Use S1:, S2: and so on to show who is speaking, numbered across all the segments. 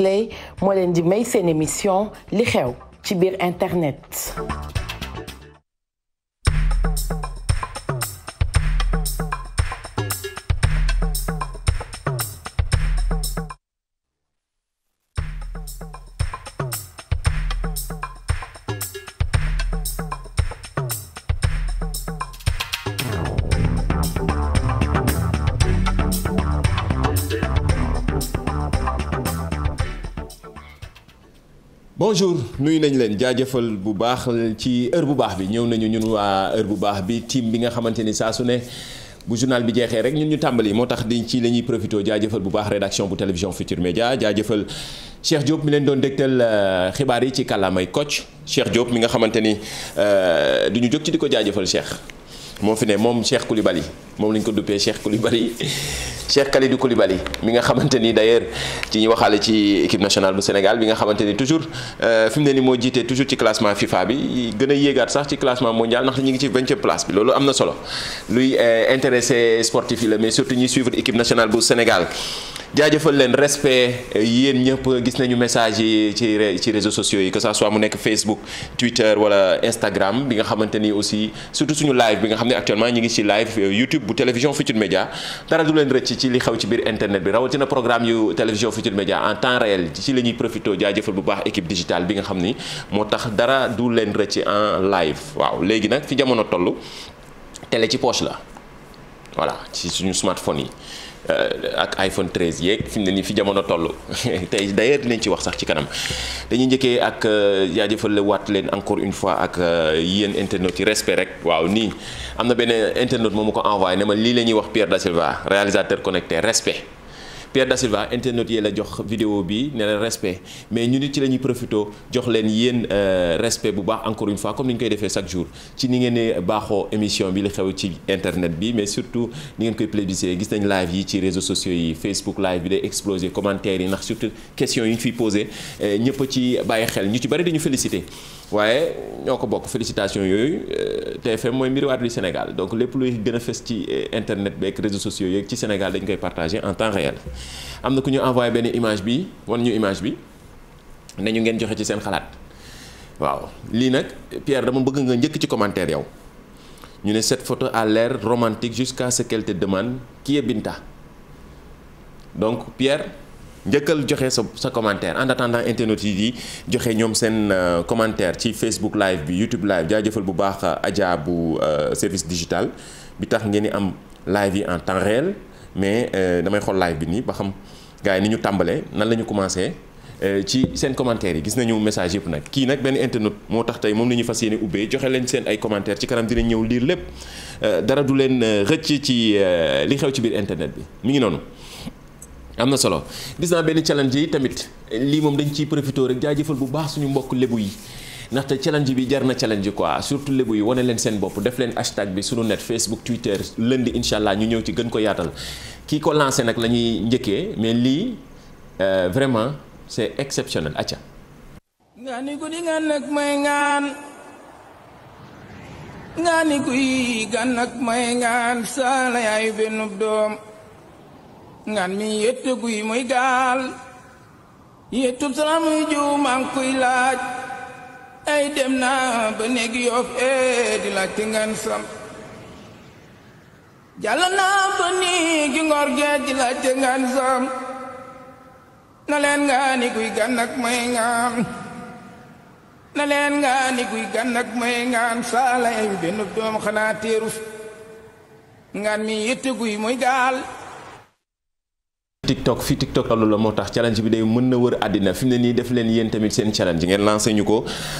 S1: Clay moo leen di may seen émission li xew ci biir internet
S2: bonjour nuyu nañ leen jaajëfal bu baax ci heure bu baax bi ñëw nañu ñun waa heure bu baax bi team bi nga xamante ni saa su ne bu journal bi jeexee rek ñun ñu tàmbali moo tax di ci la ñuy profité jaajëfal bu baax rédaction bu télévision Futur Média jaajëfal Cheikh Diop mi leen doon dégtal euh, xibaar yi ci kàllaamay coach Cheikh Diop mi nga xamante ni euh, du ñu jóg ci di ko jaajëfal Cheikh moo fi ne moom Cheikh yi moom lañ ko duppee Cheikh Koulibaly Cheikh du Koulibaly mi nga xamante ni d'ailleurs ci ñu waxaale ci équipe nationale bu Sénégal bi nga xamante ni toujours euh, fi mu ne ni moo jiitee toujours ci classement FIFA bi gën a yéegaat sax ci classement mondial ndax ñu ngi ci vingtième place bi loolu am na solo luy euh, intéressé sportif yi la mais surtout ñuy suivre équipe nationale bu Sénégal jaajëfal leen respect euh, yéen ñëpp gis nañu message yi ci ci réseaux sociaux yi que ça soit mu nekk Facebook Twitter wala Instagram bi nga xamante ni aussi surtout suñu live bi nga xam ne actuellement ñu ngi ci live euh, YouTube bu télévision Futur Média dara du leen rëcc ci li xew ci biir internet bi rawatina programme yu télévision Futur Média en temps réel ci la ñuy profité jaajëfal bu baax équipe digitale bi nga xam ni moo tax dara du leen rëcc en live waaw léegi nag fi jamono toll télé ci poche la voilà ci suñu smartphone yi. Euh, ak iPhone 13 yeeg fi mu ne nii fi jamono toll tey d'ailleurs dinañ ci wax sax ci kanam dañuy njëkkee ak euh, jaajëfal waat leen encore une fois ak euh, yéen internautes yi respect rek waaw nii am na benn internaute moom mu ko envoyé ne ma lii la ñuy wax Pierre Da réalisateur connecter respect. Pierre Da Silva internautes yi la jox video bi ne leen respect mais ñu nit ci la ñuy profité jox leen yéen euh, respect bu baax encore une fois comme ni ñu koy defee chaque jour ci ni ngeen ne baaxoo émission bi li xew ci internet bi mais surtout ni ngeen koy plébiscité gis nañ live yi ci réseaux sociaux yi Facebook live bi day explosé commentaires yi ndax surtout question yi ñu fiy posé euh, ñëpp ci bàyyi xel ñu ci bari dañu félicité waaye ñoo ko bokk félicitation yooyu euh, TFM mooy waat du Sénégal donc lépp luy gën a fës ci euh, internet beeg réseaux sociaux yeeg ci Sénégal dañ koy partager en temps réel am na ku ñu envoyé benn image bi wan ñu image bi ne ñu ngeen joxe ci seen xalaat waaw lii nag Pierre dama bëgg nga njëkk ci commentaire yow ñu ne cette photo a l'air romantique jusqu'à ce qu'elle demande qui est Binta donc Pierre njëkkal joxe sa sa commentaire en attendant internet yi joxe ñoom seen euh, commentaire ci Facebook live bi YouTube live jaajëfal bu baax euh, Adja bu euh, service digital bi tax ngeen di am live yi en temps réel mais damay xool live bi nii ba xam gars yi ni ñu tàmbalee nan la ñu commencé ci seen commentaire yi gis nañu message yëpp nag kii nag benn internet moo tax tey moom la fas yéene ubbee joxe leen seen ay commentaire ci kanam dinañ ñëw lire lépp dara du leen rëcc ci li xew ci biir internet bi mi ngi noonu. am na solo gis naa benn challenge yi tamit lii moom dañ ciy profité rek jaajëfal bu baax suñu mbokk lébu yi ndaxte challenge bi jar na challenge quoi surtout lébu yi wane leen seen bopp def leen hashtag bi suñu net Facebook Twitter lundi incha allah ñu ñëw ci gën ko yaatal kii ko lancé nag la ñuy njëkkee mais lii euh, vraiment c'est exceptionnel acca
S1: nga ni ku di ngaan nag may ngaan nga ni kuy gan nag may ngaan saala yaayu benn doom ngan mi yettu guy muy gaal yettub salaam muy jiw laaj ay dem naa ba néeg yoof ee eh di laaj te ngan sam jàll naa ba néegi ngor geej di ngan sam na leen guy gan may ngaan na leen nga ni guy xanaa teeru ngan mi yettu guy muy gaal
S2: TikTok fii TikTok loolu la moo tax challenge bi day mën na wër àddina fi mu ne nii def leen yéen tamit seen challenge ngeen lancé ñu ko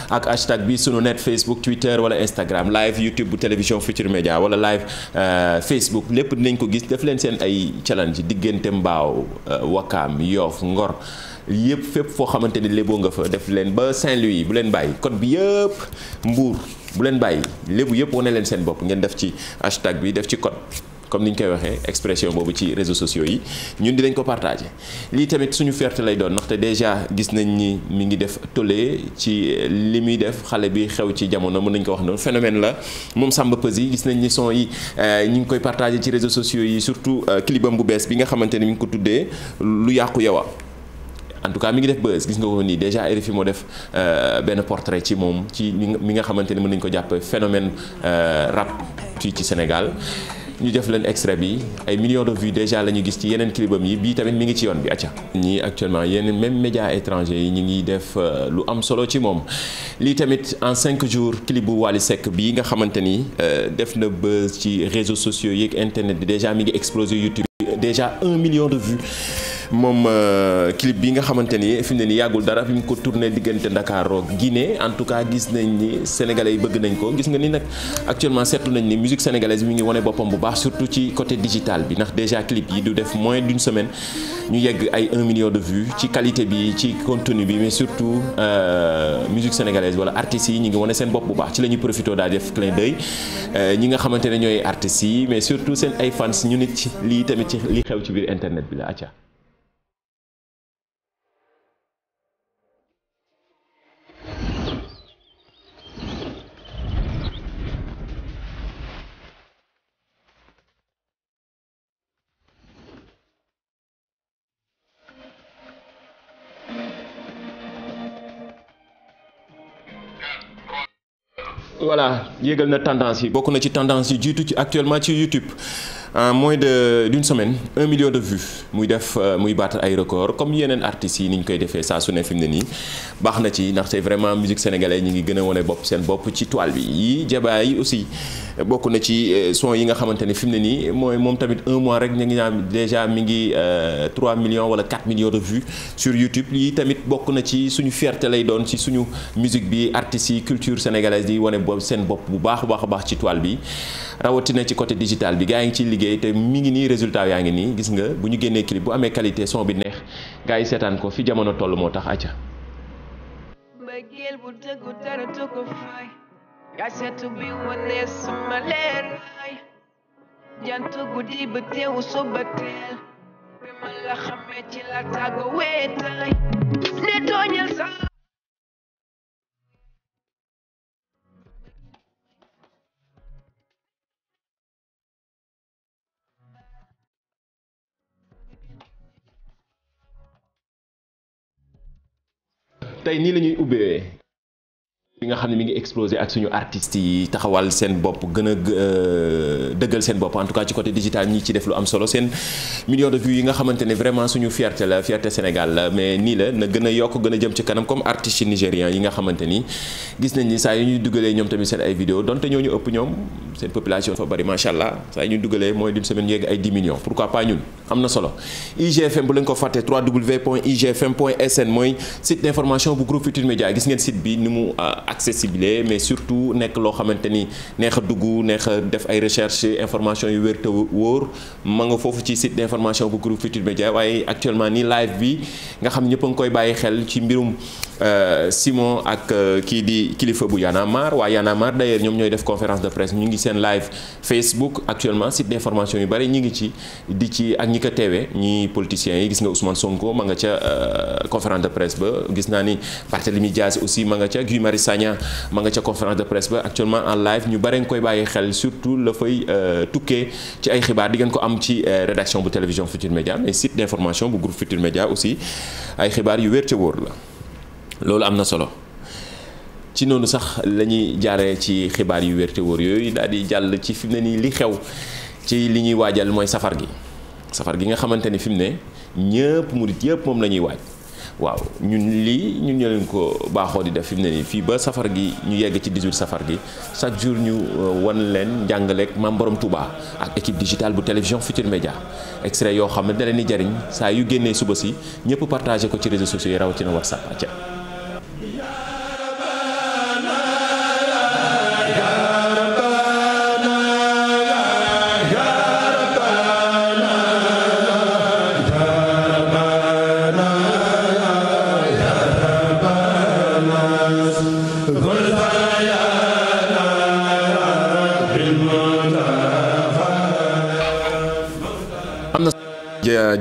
S2: ak hashtag bi sunu net Facebook Twitter wala Instagram live YouTube bu télévision Futur Media wala live euh, Facebook lépp dinañ ko gis def leen seen ay challenge diggante mbaaw euh, Wakaam Yoff Ngor yëpp fépp foo xamante ni léboo nga fa def leen ba Saint-Louis bu leen bàyyi code bi yëpp mbuur bu leen bàyyi lépp yëpp wane leen seen bopp ngeen def ci hashtag bi def ci code. comme ni ñu koy waxee expression boobu ci réseaux sociaux yi ñun dinañ ko partagé lii tamit suñu fierté lay doon ndaxte déjà gis nañ ni mi ngi def tollé ci li muy def xale bi xew ci jamono mën nañ ko wax noonu phénomène la moom Samba Peuzzi gis nañ ni son yi euh, ñu ngi koy ci réseaux sociaux yi surtout euh, clipam bu bees bi nga xamante ni mi ngi ko tuddee lu yàqu yow en tout cas mi ngi def buzz gis nga nii déjà RFI moo def euh, benn portrait ci moom ci mi nga xamante ni mën nañu ko jàpp phénomène rap fii ci Sénégal ñu def leen extrait bi ay millions de vues déjà la ñu gis ci yeneen clipam yi bii tamit mu ngi ci yoon bi acca ñi actuellement yeneen même médias étrangers yi ñu ngi def euh, lu am solo ci moom lii tamit en cinq jour clip bu Wally Seck bii nga xamante ni euh, def na buzz ci réseaux sociaux yeeg internet bi déjà mi ngi explosé YouTube déjà un million de vues moom euh, clip bi nga xamante ni fi mu ne nii yàggul dara fi mu ko tourné diggante ndakaaroo ak Guinée en tout cas gis nañ ni sénégalais yi bëgg nañ ko gis nga ni nag actuellement seetlu nañ ni musique sénégalaise mi ngi wane boppam bu baax surtout ci côté digital bi ndax déjà clip yi du def moins d'une semaine ñu yegg ay 1 million de vues ci qualité bi ci continue bi mais surtout euh, musique sénégalaise wala artistes yi ñu ngi wane seen bopp bu baax ci la ñuy profité daa def clin d'œil euh, ñi nga xamante ne ñooy artistes yi mais surtout seen ay fans ñu nit ci lii tamit ci li xew ci biir internet bi la acca voilà yéegal na tendance yi bokk na ci tendance yi jiitu ci actuellement ci YouTube en euh, moins de d'une semaine un million de vues muy def euh, muy battre ay record comme yeneen artistes yi ni ñu koy defee saa su ne fi mu ne nii baax na ci ndaxte vraiment musique sénégalaise ñi ngi gën a wane bopp seen bopp ci toile bi yi jabaay aussi. bokk na ci euh, son yi nga xamante ne fi mu ne nii mooy moom tamit un mois rek ñu ngi naan déjà mi ngi 3 euh, millions wala 4 millions de vues sur YouTube yi tamit bokk na ci suñu fierté lay doon ci suñu musique bi artistes yi culture sénégalaise yi wane boobu seen bopp bu baax baax a baax ci toile bi rawatina ci côté digital bi gaa yi ngi ciy liggéey te mi ngi nii résultat yaa ngi nii gis nga bu ñu génnee clip bu amee qualité son bi neex gaa yi seetaan ko fi jamono toll moo tax
S1: yaa seetu bi wane sama leeraay jant guddi ba teewu suba teel bi ma la ci la tàgga weetaay ne tooñal sa
S2: tey nii la ubbee bi nga xam ne mi ngi explosé ak suñu artistes yi taxawal seen bopp gën a euh, dëggal seen bopp en tout cas ci côté digital ci def lu am solo seen million de vues yi nga xamante ne vraiment suñu fierté la fierté Sénégal la mais nii la na gën a yokk gën jëm ci kanam comme artistes nigériens yi nga xamante ni gis nañ ni saa yu ñuy dugalee ñoom tamit seen ay vidéo donte ñoo ñu ëpp ñoom seen population fa bari macha allah saa yu ñuy dugalee mooy d'une semaine yegg ay 10 millions pourquoi pas accessible mais surtout nekk loo xamante ni neex a dugg neex def ay recherche information yu wér te wóor ma nga foofu ci site d'information bu groupe Futurs Médias waaye actuellement nii live bi nga xam ñëpp a ngi koy bàyyi xel ci mbirum euh, Simon ak euh, kii di kilifa bu Y'en a marre waa Y'en a marre ñoom ñooy def conférence de presse ñu ngi seen live Facebook actuellement site d'information yu bari ñu ngi ci di ci ak ñi ko teewee ñi politiciens yi gis nga Ousmane Sonko ma nga ca euh, conférence de naa ni Barthélémy Dias aussi ma nga Sagna ma nga ca conférence de presse ba actuellement en live ñu bare nga koy bàyyi xel surtout la fay euh, tukkee ci ay xibaar di ngeen ko am ci euh, rédaction bu télévision Futur Média mais site d'information bu groupe Futur Média aussi ay xibaar yu wér ca wóor la loolu am na solo. ci noonu sax lañuy jaare ci xibaar yu wér te wóor yooyu daal di jàll ci fi mu ne nii li xew ci li ñuy waajal mooy safar gi safar gi nga xamante ni fi mu ne ñëpp yëpp moom la ñuy waaj waaw ñun lii ñu ñoo leen ko baaxoo di def fi mu ne nii fii ba safar gi ñu yegg ci 18 safar gi chaque jour ñu euh, wan leen njàngaleeg ma borom Touba ak équipe digitale bu télévision Futur Média extrait yoo xam ne da leen di jariñ saa yu génnee suba si ñëpp partagé ko ci réseaux sociaux yi rawatina WhatsApp.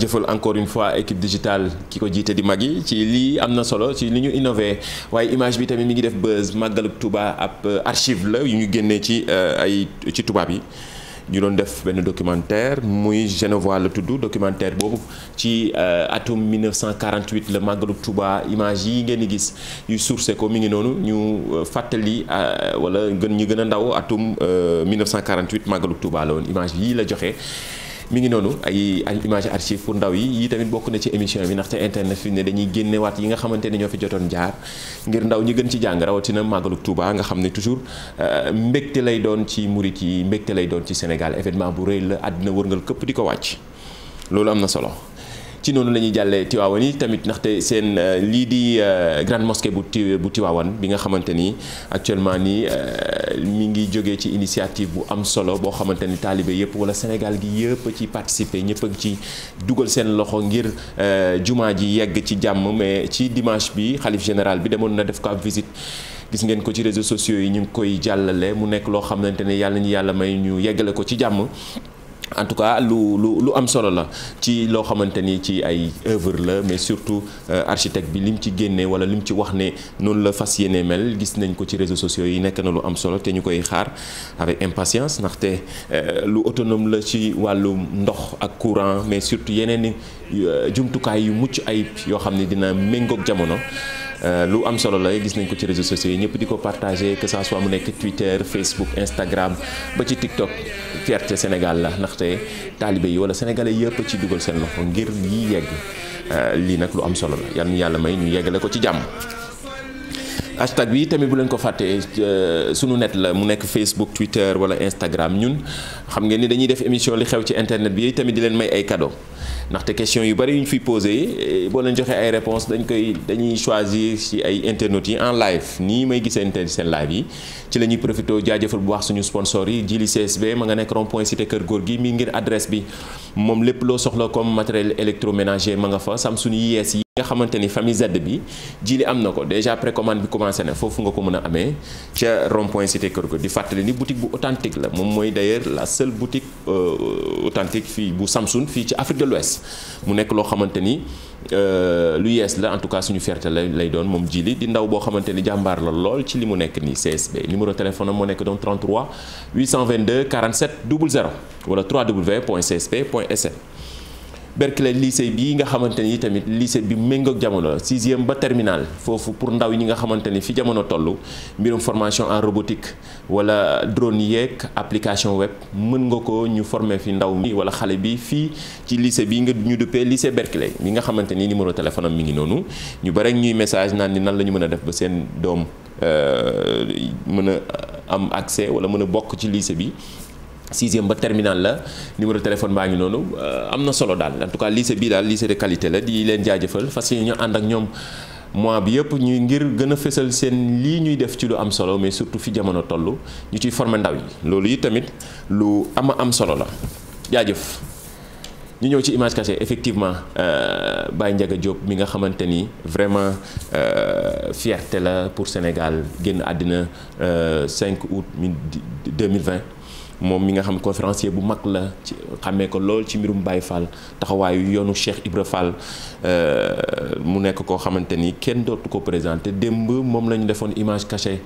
S2: jaajëfal encore une fois équipe digitale ki ko jiite di mag yi ci lii am na solo ci li ñu innové waaye image bi tamit mu ngi def buzz màggalu tubaa ab euh, archive la yu ñu génnee ci euh, ay ci tubaab yi ñu doon def benn documentaire muy Genevois la tudd documentaire boobu ci euh, atum 1948 la màggalu Touba image yi ngeen di gis yu sourcé ko mi ngi noonu ñu fàttali wala gën ñu gën a ndaw atum 1948 màggalu Touba la woon image yii la joxe. mi ngi noonu ay ay image archive pour ndaw yi yi tamit bokk na ci émission bi ndaxte internet fi ne dañuy génnewaat yi nga xamante ne ñoo fi jotoon jaar ngir ndaw ñi gën ci jàng rawatina màggalu Touba nga xam ne toujours euh, mbegte lay doon ci murit yi mbegte lay doon ci Sénégal événement bu rëy la àddina wërngal këpp di ko wàcc loolu am na solo ci noonu la ñuy jàllee Tiwaawan yi tamit ndaxte seen euh, lii di euh, grande mosquée bu ti bu Tiwaawan bi nga xamante ni actuellement nii euh, mi ngi jógee ci initiative bu am solo boo xamante ni taalibe yëpp wala Sénégal gi yëpp ci participer ñëpp a ci dugal seen loxo ngir jumaa ji yegg ci jàmm mais ci dimanche bi xalif général bi demoon na def ko ab visite. gis ngeen ko ci réseau sociaux yi ñu ngi koy jàllale mu nekk loo xamante ne yàlla ñu yàlla may ñu yeggale ko ci jàmm. en tout cas lu lu lu am solo la ci loo xamante ni ci ay œuvre la mais surtout euh, architecte bi lim ci génnee wala lim ci wax ne noonu la fas yéene mel gis nañ ko ci réseau sociaux yi nekk na lu am solo te ñu koy xaar avec impatience ndaxte euh, lu autonome la ci wàllu ndox ak courant mais surtout yeneen euh, jumtukaay yu mucc ayib yoo xam ne dina méngoog jamono. Euh, lu am solo la gis nañ ko ci réseaux sociaux yi ñëpp di ko partagé que ça soit mu nekk Twitter Facebook Instagram ba ci TikTok fierté Sénégal la ndaxte taalibe yi wala sénégalais yëpp ci dugal seen loxo ngir yi yegg euh, lii nag lu am solo la yal yàlla may ñu yegg yeggale ko ci jàmm. hashtag bi tamit bu leen ko fàttee euh, sunu net la mu nekk Facebook Twitter wala Instagram ñun xam nga ni dañuy def émission li xew ci internet bi tamit di leen may ay kado ndaxte question yu bari yu ñu fi posé eh, boo leen joxee ay réponse dañ koy dañuy choisir ci ay internautes yi en live nii may gisee internet seen live yi ci la ñuy profité jaajëfal bu wax suñu sponsor yi jili CSB ma nga nekk rond point cité kër góor gi mi ngir adresse bi moom lépp loo soxla comme matériel électroménager ma nga fa Samsung yees yi nga xamante ni famille Z bi jili am na ko déjà précommande bi commencé na foofu nga ko mën a amee ca rond-point cité Keur Gorgui di fàttali ni boutique bu authentique la moom mooy d'ailleurs la seule boutique euh, authentique fii bu Samsung fii ci Afrique de l'Ouest mu nekk loo xamante ni euh, lu yees la en tout cas suñu fierté lay doon moom jili di ndaw boo xamante ni jàmbaar la lool ci li mu nekk nii CSB numéro téléphone am moo nekk donc 33 822 47 00 wala 3w point csb Berkeley lycée bii nga xamante ni tamit lycée bi méngoog jamono sixième ba terminal foofu pour ndaw ñi nga xamante ni fi jamono toll mbirum formation en robotique wala drone yeeg application web mën nga ko ñu former fi ndaw mi wala xale bi fii ci lycée bii nga ñu duppee lycée Berkeley mi nga xamante ni numéro téléphone mi ngi noonu ñu bare ñuy message naan ni nan la ñu mën a def ba seen doom euh, mën a am accès wala mën a bokk ci lycée bi sixième ba terminal la numéro téléphone baa ngi noonu euh, am na solo daal en tout cas lycée bii daal lycée de qualité la di leen jaajëfal fas yéene ñu ànd ak ñoom mois bi yëpp ñu ngir gën a fësal seen lii ñuy def ci lu am solo mais surtout fi jamono tollu ñu ciy former ndaw yi loolu yi tamit lu ama am solo la jaajëf ñu ñëw ci image kase effectivement euh, Baye Ndiaga Diop mi nga xamante ni vraiment euh, fierté la pour Sénégal génn àddina 5 août 2020 moom mi nga xam conférencier bu mag la ci xamee ko lool ci mbirum Baye Fall taxawaayu yoonu Cheikh Ibra Fall euh, mu nekk koo xamante ni kenn dootu ko présenté démb moom lañu defoon image cachée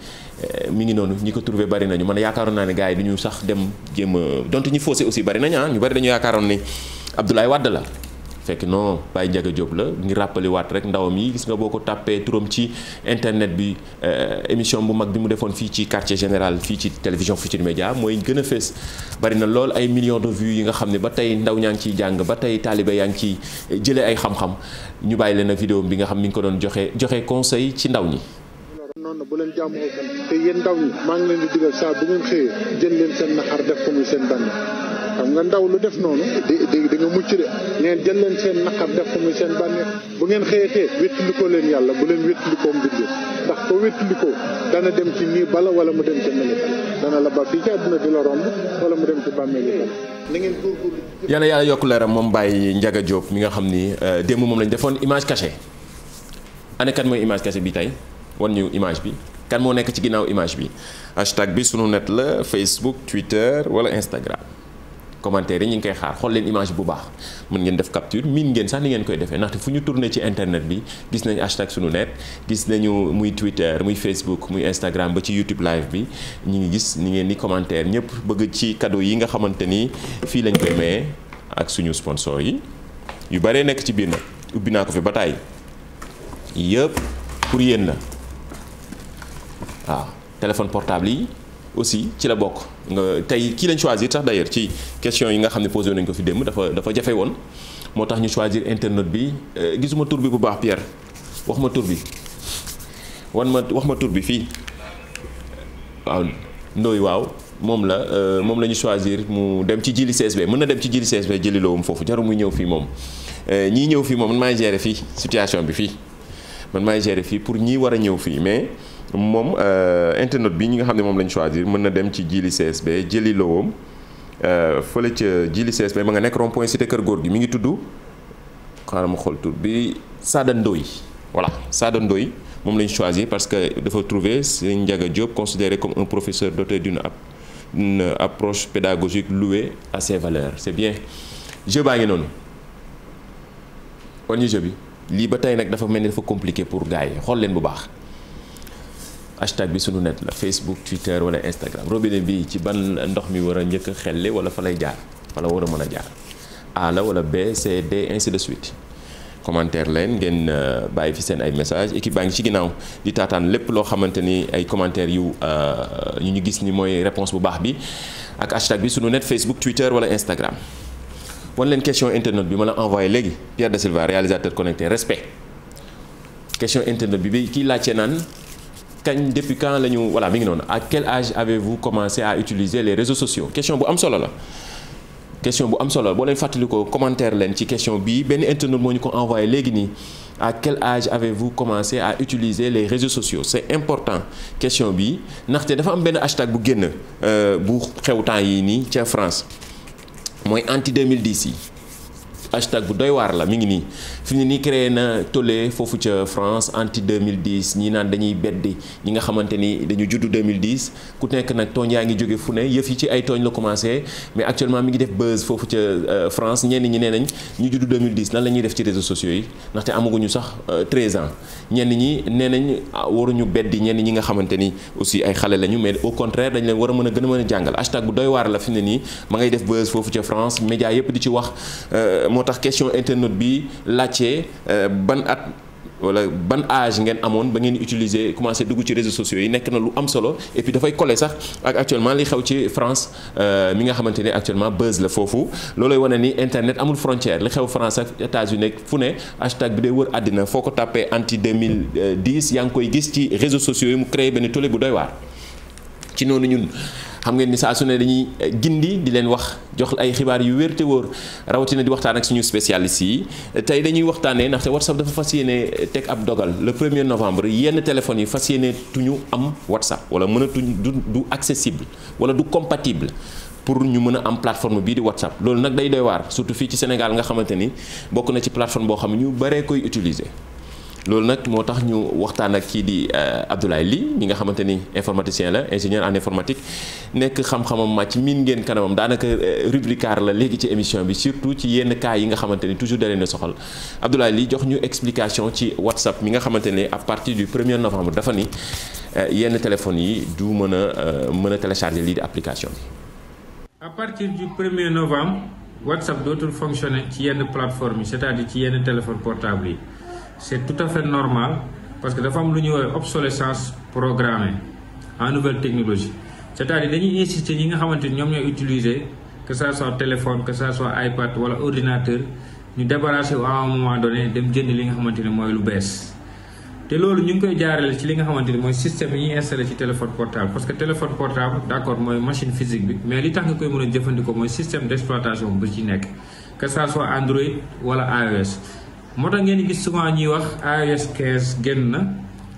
S2: euh, mu ngi noonu ñi ko trouvé bari nañu man yaakaaroon naa ne gars yi du ñu sax dem jéem a donte ñu faussé aussi bari nañu ah ñu bari dañu yaakaaroon ni Abdoulaye Wade la. fekk non Baye Ndiaga Diop la ngi rappelé waat rek ndawam yi gis nga boo ko tàppee turam ci internet bi euh, émission bu mag bi mu defoon fii ci quartier général fii ci télévision Futurs Médias mooy gën a fees bari na lool ay millions de yi nga xam ne ba tey ndaw ñaa ngi ci jàng ba tey taalibe yaa ngi ciy jëlee ay xam-xam ñu bàyyi leen a vidéo bi nga xam mi ngi ko doon joxe joxe
S1: conseil ci ndaw ñi. noonu bu xam nga ndaw lu def noonu di di di nga mucc de ngeen jël leen seen naqar def ko muy seen bànneex bu ngeen xëyee xëyee wéttalikoo leen yàlla bu leen wéttalikoo mbindee dem ci wala mu dem wala mu dem ci bàmmeel yi
S2: na na yàlla yokk leeram moom Baye njaga Diop mi nga xam ni euh, démb moom lañ defoon image kase ana kan mooy image kase bi tey wan ñu image bi. kan moo nekk ci ginnaaw image bi hashtag bi sunu net la Facebook Twitter wala Instagram. commentaire yi ñu ngi koy xaar xool leen image bu baax mën ngeen def capture miin ngeen sax ni ngeen koy defee ndaxte fu ñu tourné ci internet bi gis nañ hashtag sunu net gis nañu muy Twitter muy Facebook muy Instagram ba ci YouTube live bi ñu ngi gis ni ngeen ni commentaire ñëpp bëgg ci cadeau yi nga xamante ni fii lañ koy maye ak suñu sponsor yi yu bëree nekk ci biir nag ubbi naa ko fi ba tàyyi yëpp pour yéen la waaw téléphone portable yi. aussi ci la bokk nga tey kii lañ choisir sax d'ailleurs ci question yi nga xam ne posé nañ ko fi démb dafa dafa jafe woon moo tax ñu choisir internet bi euh, gisuma tur bi bu baax Pierre wax ma tur bi wan ma wax ma tur bi fii waaw ndooy waaw moom la euh, moom la ñu choisir mu dem ci jili CSB mën na dem ci jili CSB jëli loowum foofu jaru muy ñëw fii moom euh, ñii ñëw fii moom man maay gérer fii situation bi fii man maay gérer fii pour ñii war a ñëw fii mais moom euh, internet bi ñi nga xam ne moom lañ choisir mën na dem ci jili CSB jëli lowam euh, fële ca jili CSB ma nga nekk rond point cité kër góor gi mu ngi tuddu xaaral ma xool tur bi Sada Ndoye voilà Sada Ndoye moom lañ choisir parce que dafa trouver Serigne Ndiaga Diop considéré comme un professeur doté d'une une approche pédagogique loue à ses valeurs c'est bien jeu baa ngi noonu wan ñu bi lii ba tey nag dafa mel ni dafa compliqué pour gars yi xool leen bu baax hashtag bi sunu net la Facebook Twitter wala Instagram robinet bi ci ban ndox mi war a njëkk a xelle wala fa lay jaar fa la war a mën a jaar A la wala B C D ainsi de suite commentaire leen ngeen euh, bàyyi fi seen ay message équipe baa ngi ci ginnaaw di taataan lépp loo xamante ni ay commentaire yu ñu euh, ñu gis ni mooy réponse bu baax bi ak hashtag bi sunu net Facebook Twitter wala Instagram wan leen question internet bi ma la envoyé léegi Pierre Da Silva réalisateur kañ depuis quand la ñu voilà mi ngi noonu à quel âge avez-vous commencé à utiliser les réseaux sociaux question bu am solo la. question bu am solo boo leen fàttali ko commentaire leen ci question bi benn internaute moo ñu ko envoyé léegi nii à quel âge avez-vous commencé à utiliser les réseaux sociaux c'est important question bii ndaxte dafa am benn hashtag bu génn euh, bu xew temps yi nii ca France mooy anti 2010 yi. hashtag bu doy waar la mi ngi nii fi mu ne nii créé na tollé foofu ca France anti 2010 ñi naan dañuy beddi ñi nga xamante ni dañu juddu 2010 ku nekk nag tooñ yaa ngi jóge fu ne yëf yi ci ay tooñ la commencé mais actuellement mi ngi def buzz foofu ca euh, France ñenn ñi nee nañ ñu juddu 2010 nan la ñuy def ci réseaux sociaux yi ndaxte amaguñu sax 13 euh, ans ñenn ñi nee nañ ah, waruñu beddi ñenn ñi nga xamante ni aussi ay xale lañu mais au contraire dañ leen war a mën a gën a mën a jàngal hashtag bu doy waar la fi mu ne nii ma ngay def buzz foofu ca France média yëpp di ci wax euh, moo tax question internet bi laajte euh, ban at wala ban age ngeen amoon ba ngeen utiliser commencé dugg ci réseaux sociaux yi nekk na lu am solo et puis dafay coller sax ak actuellement li xew ci France euh, mi nga xamante ni actuellement buzz la foofu loolooy wane ni internet amul frontière li xew France ak États-Unis nekk fu ne hashtag bi day wër àddina foo ko tàppee anti 2010 yaa ngi koy gis ci réseaux sociaux yi mu créé benn tollé bu doy waar ci noonu ñun. xam ngeen ni saa su ne dañuy eh, gindi di leen wax jox ay xibaar yu wér wóor rawatina di waxtaan ak suñu spécialistes yi tey dañuy waxtaanee ndaxte WhatsApp dafa fas yéene eh, teg ab dogal le 1 novembre yenn téléphones yu fas yéene ñu am WhatsApp wala mënatuñ du du accessible wala du compatible. pour ñu mën a am plateforme bii di WhatsApp loolu nag day doy waar surtout fii ci Sénégal nga xamante ni bokk na ci plateforme boo xam ne ñu bare koy utiliser. loolu nag moo tax ñu waxtaan ak kii di euh, Abdoulaye Ly mi nga xamante ni informaticien la ingénieur en informatique nekk xam-xamam màcc miin ngeen kanamam daanaka euh, rubricar la léegi ci émission bi surtout ci yenn cas yi nga xamante ni toujours da leen a soxal Abdoulaye Ly jox ñu explication ci WhatsApp mi nga xamante ne à partir du 1er novembre dafa ni euh, yenn téléphones yi du mën a mën a télécharger lii di application bi.
S1: à partir du 1er novembre WhatsApp dootul fonctionner ci yenn plateforme yi cest ci yenn téléphone yi. c'est tout à fait normal parce que dafa am lu ñuy woowee obsolescence programmée en nouvelle technologie cest à dañuy insister ñi nga xamante ni ñoom ñooy utiliser que ça soit téléphone que ça iPad wala ordinateur ñu débarrasser à un moment donné dem jënd li nga xamante ni mooy lu bees te loolu ñu ngi koy jaarale ci li nga xamante ni mooy système yi ñuy installé ci téléphone portable parce que téléphone portable d'accord mooy machine physique bi mais li tax nga koy mën a jëfandikoo mooy système d'exploitation bu ci nekk que ça soit wala moo tax ngeen gis souvent ñuy wax iOS 15 génn na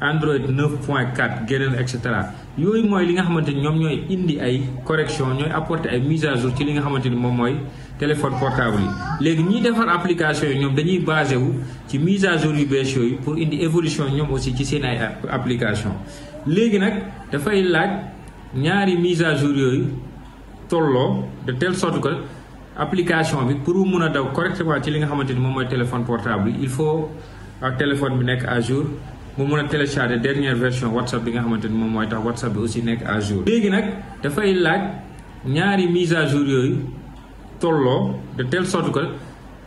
S1: Android 9.4 génn na et cetera yooyu mooy li nga xamante ni ñoom ñooy indi ay correction ñooy apporter ay mise à jour ci li nga xamante ni moom mooy téléphone portable yi léegi ñiy defar application yi ñoom dañuy basé wu ci mise à jour yu bees yooyu pour indi évolution ñoom aussi ci seen ay application léegi nag dafay laaj ñaari mise à jour yooyu tolloo de telle sorte que application bi pour mu mun a daw correctement ci li nga xamante ni moom mooy téléphone portable il faut téléphone bi nekk à jour mu mun a télécharger dernière version bi nga xamante ni moom mooy tax WhatsApp bi aussi nekk à jour. léegi nag dafay laaj ñaari mise à jour yooyu tolloo de telle sorte que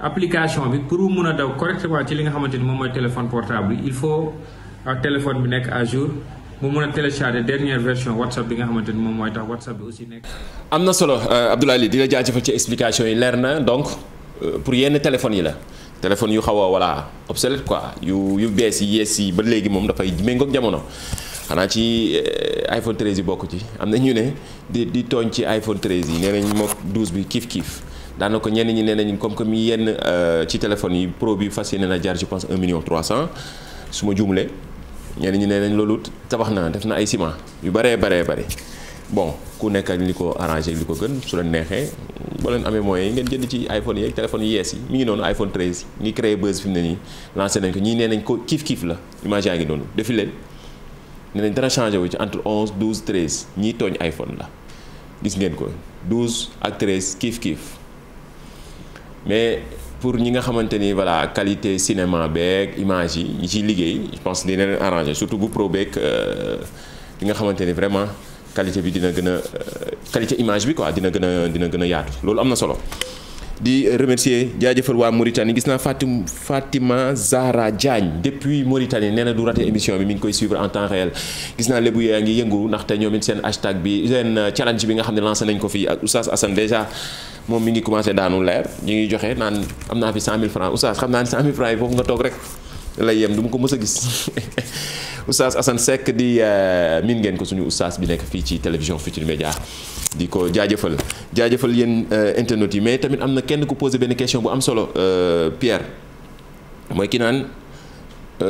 S1: application bi pour mu mun a daw correctement ci li nga xamante ni moom mooy téléphone portable il faut téléphone bi nekk à jour. mu mën a télécharger dernière version WhatsApp bi nga xamante ni moom mooy tax WhatsApp bi aussi nekk.
S2: am na solo euh, Abdoulaye Ly di la jaajëfal ci explication yi leer na donc euh, pour yenn téléphones yi la téléphone yu xaw a voilà obsolète quoi yu yu bees yi yees yi ba léegi moom dafay méngoog jamono. xanaa ci euh, iPhone 13 yi bokk ci am na ñu ne di di tooñ ci iPhone 13 yi nee nañ mook 12 bi kiif kiif daana ko ñenn ñi nee nañ comme que mi yenn ci téléphone yi pro bi fas yéene na jar je pense 1 million 300 su ma juumlee. ñeen ñi nee nañ loolu tabax naa def na ay ciment yu bëree baree bëri bon ku nekk ak li ko arrangé li ko gën su la neexee boo leen amee moyens yi ngeen jënd ci iPhone yeeg téléphone yu yees yi mi ngi noonu iPhone 13 ngi créé buzz fi mu ne nii lancé nañ ko ñii nee ko kiif kiif la image yaa ngi noonu defi leen nee nañ dara changé wu ci entre 11 12 13 ñii tooñ iPhone la gis ngeen ko 12 ak 13 kiif kiif mais. pour ñi nga xamante ni voilà qualité cinéma beeg image yi ñi ciy liggéey je pense dina leen arrangé surtout bu pro beeg li euh, nga xamante ni vraiment qualité bi dina gën a euh, qualité image bi quoi dina gën a dina gën a yaatu loolu am na solo. di remercier jaajëfal waa Mauritanie gis naa Fatim Fatima Zahra Diagne depuis Mauritanie nee na du raté émission bi mi ngi koy suivre en temps réel gis naa lébu yaa ngi yëngu ndaxte ñoom it seen hashtag bi seen euh, challenge bi nga xam ne lancé nañ ko fii ak Oustaz Assane déjà moom mi ngi commencé daanu leer ñu ngi joxe naan am naa fi 100000 francs oustaz xam naa ne 100000 francs yi foofu nga toog rek lay yem du ma ko mës a gis oustaz Assane Seck di euh, miin ngeen ko suñu oustaz bi nekk fii ci télévision Futurs Médias di ko jaajëfal jaajëfal yéen euh, internet yi mais tamit am na kenn ku posé benn question bu am solo euh, Pierre mooy ki naan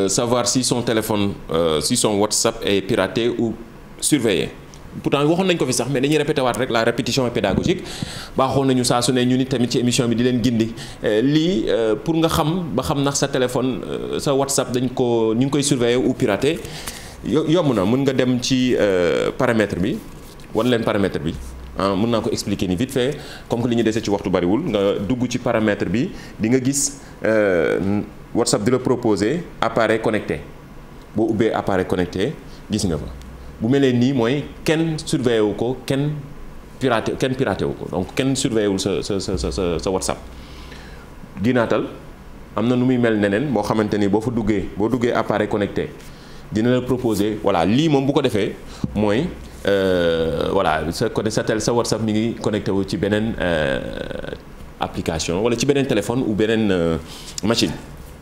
S2: savoir si son téléphone si son WhatsApp est piraté ou surveillé. pourtant waxoon nañ ko fi sax mais dañuy répété waat rek la répétition pédagogique baaxoon nañu saa su ne ñu nit tamit ci émission bi di leen gindi euh, lii euh, pour nga xam ba xam ndax sa téléphone euh, sa WhatsApp dañ ko ñu ngi koy surveiller ou pirater yomb na mun nga dem ci paramètre bi wan leen paramètre bi ah mën naa ko expliquer ni vite fait comme que li ñu desee ci waxtu bariwul nga dugg ci paramètre bi di nga gis WhatsApp di la proposer appareil connecté bo ubbee appareil connecté gis nga fa. bu melee nii mooy kenn surveillé wu ko kenn piraté kenn piraté wu ko donc kenn surveillé sa sa sa sa sa WhatsApp. dinaatal am na nu muy mel neneen boo xamante ni boo fa duggee boo duggee appareil connecté dina la proposer voilà lii moom bu ko defee mooy euh, voilà sa côté sa tel sa WhatsApp mi ngi connecté wu ci beneen euh, application wala ci beneen téléphone u beneen euh, machine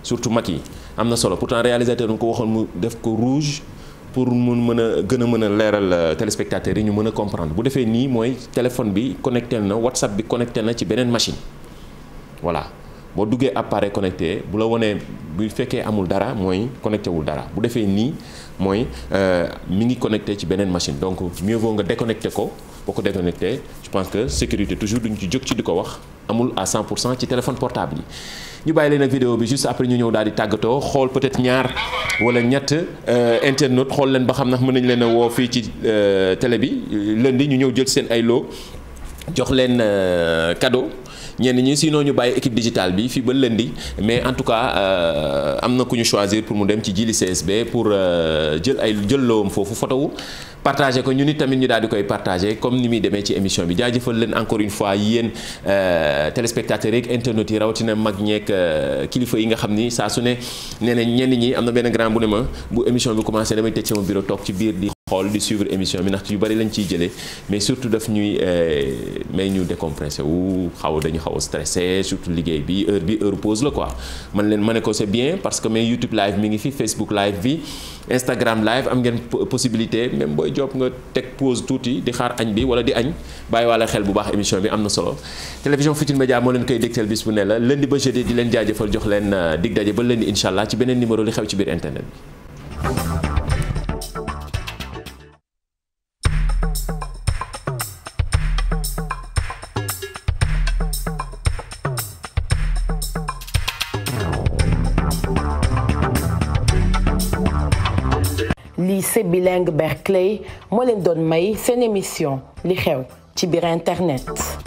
S2: surtout mag yi am na solo pourtant réalisateur nu ko waxoon mu def ko rouge. pour mun mën a gën a mën a leeral euh, téléspectateurs yi ñu mën a comprendre bu defee nii mooy téléphone bi connecté na WhatsApp bi connecté na ci beneen machine voilà boo duggee appareil connecté bu la wonee bu fekkee amul dara mooy connecté wul dara bu defee nii mooy euh, mi ngi connecté ci beneen machine donc mieux vaut nga déconnecté ko boo ko déconnecté je pense que sécurité toujours duñ ci jóg ci di ko wax amul à 100 pour cent ci téléphone portable yi ñu bàyyi leen ak vidéo bi juste après ñu ñëw daal di tàggatoo xool peut-être ñaar wala ñett euh, internet xool leen ba xam ndax mën nañ leen a woo fii ci euh, télé bi lundi ñu ñëw jël seen ay loo jox leen euh, cadeau. ñenn ñi sinon ñu bàyyi équipe digitale bi fii ba lundi mais en tout cas am na ku ñu choisir pour mu dem ci jili CSB pour jël ay jël loom foofu fotowu partagé ko ñu ni tamit ñu daal di koy partagé comme ni muy demee ci émission bi jaajëfal leen encore une fois yéen euh, téléspectateurs yeeg internautes yi rawatina mag ñeeg euh, kilifa yi nga xam ni saa su ne nee na ñenn ñi am na benn grand bu ne ma bu émission bi commencé damay tëj sama bureau toog ci biir di xool di suivre émission bi ndax yu bari lañ ciy jëlee mais surtout daf ñuy euh, may ñu décompressé wu xaw dañu xaw a stressé surtout liggéey bi heure bi heure pause la quoi man leen ma ne ko c'est bien parce que mais YouTube live mi ngi fi Facebook live bi Instagram live am ngeen possibilité même booy job nga teg pose tuuti di xaar añ bi wala di añ bàyyi wala xel bu baax émission bi am na solo télévision Futurs Médias moo leen koy dégtal bis bu ne la lundi ba jeudi di leen jaajëfal jox leen euh, dig daje ba lundi incha allah ci beneen numéro li xew ci biir internet
S1: bilingue Berkeley moo leen doon may seen émission li xew ci biir internet